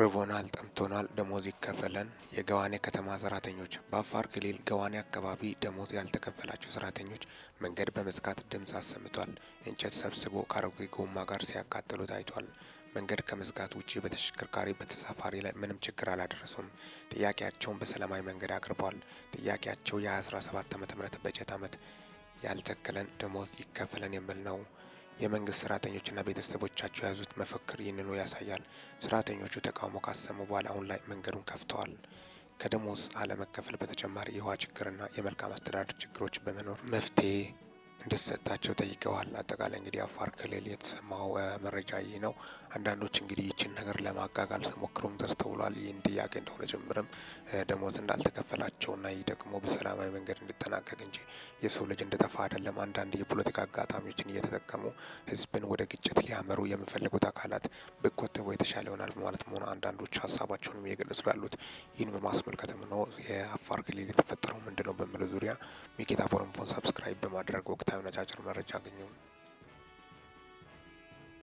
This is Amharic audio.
ርቦናል፣ ጠምቶናል፣ ደሞዝ ይከፈለን። የገዋኔ ከተማ ሰራተኞች በአፋር ክልል ገዋኔ አካባቢ ደሞዝ ያልተከፈላቸው ሰራተኞች መንገድ በመዝጋት ድምፅ አሰምቷል። እንጨት ሰብስቦ ከአሮጌ ጎማ ጋር ሲያቃጥሉ ታይቷል። መንገድ ከመዝጋት ውጪ በተሽከርካሪ በተሳፋሪ ላይ ምንም ችግር አላደረሱም። ጥያቄያቸውን በሰላማዊ መንገድ አቅርበዋል። ጥያቄያቸው የ2017 ዓ ም በጀት ዓመት ያልተከለን ደሞዝ ይከፈለን የሚል ነው። የመንግስት ሰራተኞችና ቤተሰቦቻቸው የያዙት መፈክር ይህንኑ ያሳያል። ሰራተኞቹ ተቃውሞ ካሰሙ በኋላ አሁን ላይ መንገዱን ከፍተዋል። ከደሞዝ አለመከፈል በተጨማሪ የውሃ ችግርና የመልካም አስተዳደር ችግሮች በመኖር መፍትሄ እንድሰጣቸው ጠይቀዋል። አጠቃላይ እንግዲህ አፋር ክልል የተሰማው መረጃ ይህ ነው። አንዳንዶች እንግዲህ ይችን ነገር ለማጋጋል ተሞክሮም ተስተውሏል። ይህን ጥያቄ እንደሆነ ጭምርም ደሞዝ እንዳልተከፈላቸውና ይህ ደግሞ በሰላማዊ መንገድ እንዲጠናቀቅ እንጂ የሰው ልጅ እንደተፋ አይደለም። አንዳንድ የፖለቲካ አጋጣሚዎችን እየተጠቀሙ ህዝብን ወደ ግጭት ሊያመሩ የሚፈልጉት አካላት ብቆጠቡ የተሻለ ይሆናል በማለት መሆኑ አንዳንዶች ሀሳባቸውንም እየገለጹ ያሉት ይህን በማስመልከትም ነው የአፋር ክልል የተፈጠረው ምንድነው? ሚዲያ ሚኬታ ፎረም ፎን ሰብስክራይብ በማድረግ ወቅታዊ ነጫጭር መረጃ አገኙ።